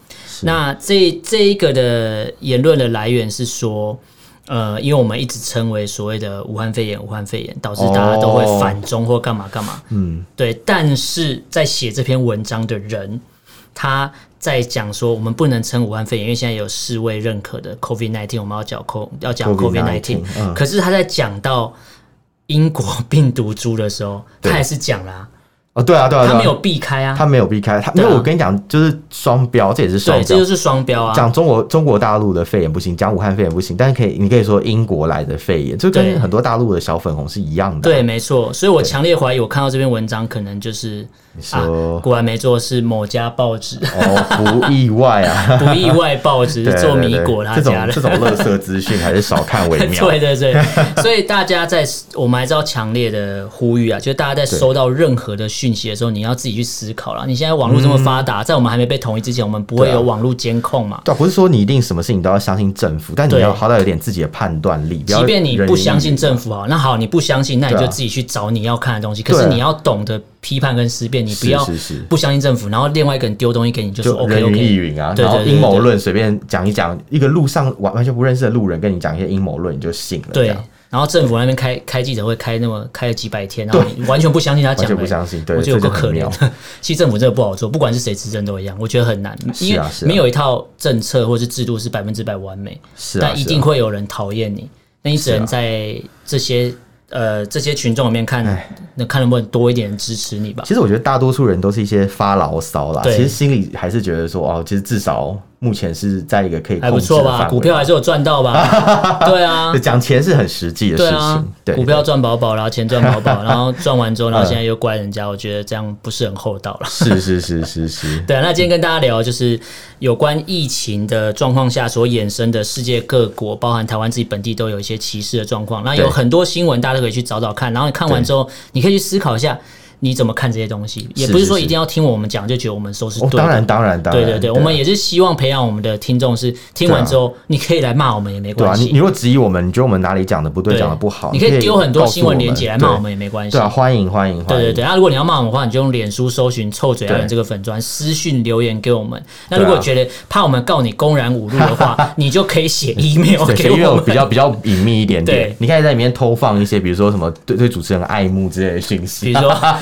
那這這一個的言論的來源是說，呃，因為我們一直稱為所謂的武漢肺炎，武漢肺炎導致大家都會反中或幹嘛幹嘛、哦，嗯，對。但是在寫這篇文章的人。他在講說，我們不能稱武漢肺炎，因為現在有世衛認可的 COVID nineteen，我們要講 CO, COVID，要講 COVID nineteen。可是他在講到英國病毒株的時候，他還是講了，啊。哦對、啊，對啊，對啊，他沒有避開啊，他沒有避開。啊、因為我跟你講，就是雙標，這也是雙標，這就是雙標啊。講中國中國大陸的肺炎不行，講武漢肺炎不行，但是可以，你可以說英國來的肺炎，就跟很多大陸的小粉紅是一樣的。對，對沒錯。所以我強烈懷疑，我看到這篇文章，可能就是。你說、啊、果然沒錯，是某家報紙哦，不意外啊， <laughs> 不意外。報紙是做米果他家的，他這種這種樂色資訊還是少看為妙。 <laughs> 對對對，所以大家在我們還是要強烈的呼籲啊，就是、大家在收到任何的訊息的時候，你要自己去思考了。你現在網絡這麼發達、嗯，在我們還沒被統一之前，我們不會有網絡監控嘛？對啊、對啊，不是說你一定什麼事情都要相信政府，但你要好歹有點自己的判斷力。即便你不相信政府啊，那好，你不相信，那你就自己去找你要看的東西。啊、可是你要懂得批判跟思辨。你不要不相信政府，是是是然後另外一個人丟東西給你，就是、OK, 人云亦云啊。Okay, 對對對對對對然後陰謀論隨便講一講，一個路上完完全不認識的路人跟你講一些陰謀論，你就信了。對，然後政府那邊開開記者會，開那麼開了幾百天，然後你完全不相信他講的，完全不相信對對對。我覺得有個可憐，這可妙。其實政府這個不好做，不管是誰執政都一樣，我覺得很難、啊啊。因為沒有一套政策或是制度是百分之百完美、啊，但一定會有人討厭你，那、啊、你只能在這些。呃，這些群眾裡面看，能看能不能多一點支持你吧。其實我覺得大多數人都是一些發牢騷啦，其實心裡還是覺得說，哦，其實至少。目前是在一個可以還不錯吧，股票還是有賺到吧？ <laughs> 對啊，講 <laughs> 錢是很實際的事情。對啊，對對對，股票賺飽飽，然後錢賺飽飽，然後賺完之後，然後現在又怪人家， <laughs> 我覺得這樣不是很厚道了。是是是是是。 <laughs> 對啊，那今天跟大家聊就是有關疫情的狀況下所衍生的世界各國，包含台灣自己本地都有一些歧視的狀況。那有很多新聞大家都可以去找找看，然後你看完之後，你可以去思考一下。你怎麼看這些東西？也不是說一定要聽我們講，就覺得我們收是對、哦。當然當然當然。對對對，對、啊，我們也是希望培養我們的聽眾是聽完之後，啊、你可以來罵我們也沒關係。對啊，你如果質疑我們，你覺得我們哪裡講的不對，講的不好，你可以丟很多新聞鏈接來罵我，我們也沒關係。對啊，歡迎歡迎。對對對，那、啊、如果你要罵我們的話，你就用臉書搜尋“臭嘴艾倫”這個粉專私訊留言給我們、啊。那如果覺得怕我們告你公然侮辱的話， <laughs> 你就可以寫 email 給我們，因為我比較比較隱秘一點點。對，你可以在裡面偷放一些，比如說什麼對對主持人愛慕之類的訊息，比如說。 <laughs>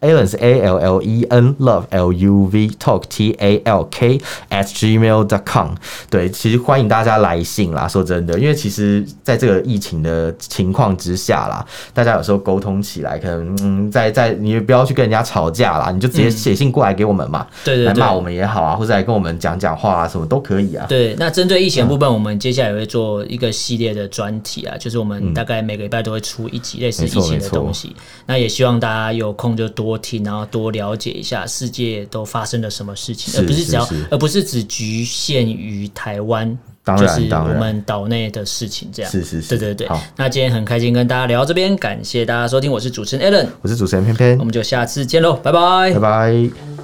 Allen 是 A L L E N Love L U V Talk T A L K at gmail dot com。對，其實歡迎大家來信啦。說真的，因為其實在這個疫情的情況之下啦，大家有時候溝通起來，可能嗯，在在你也不要去跟人家吵架啦，你就直接寫信過來給我們嘛。嗯、對，對對，來罵我們也好啊，或者來跟我們講講話啊，什麼都可以啊。對，那針對疫情的部分、啊，我們接下來會做一個系列的專題啊，就是我們大概每個禮拜都會出一集類似疫情的東西，沒錯沒錯。那也希望大家有空就多。多然後多了解一下世界都發生了什麼事情，而不是只要，而不是只侷限於台灣，就是我們島內的事情。這樣是是是，對對對是是。好，那今天很開心跟大家聊到這邊，感謝大家收聽，我是主持人 Allen，我是主持人翩翩，我們就下次見嘍，拜拜拜拜。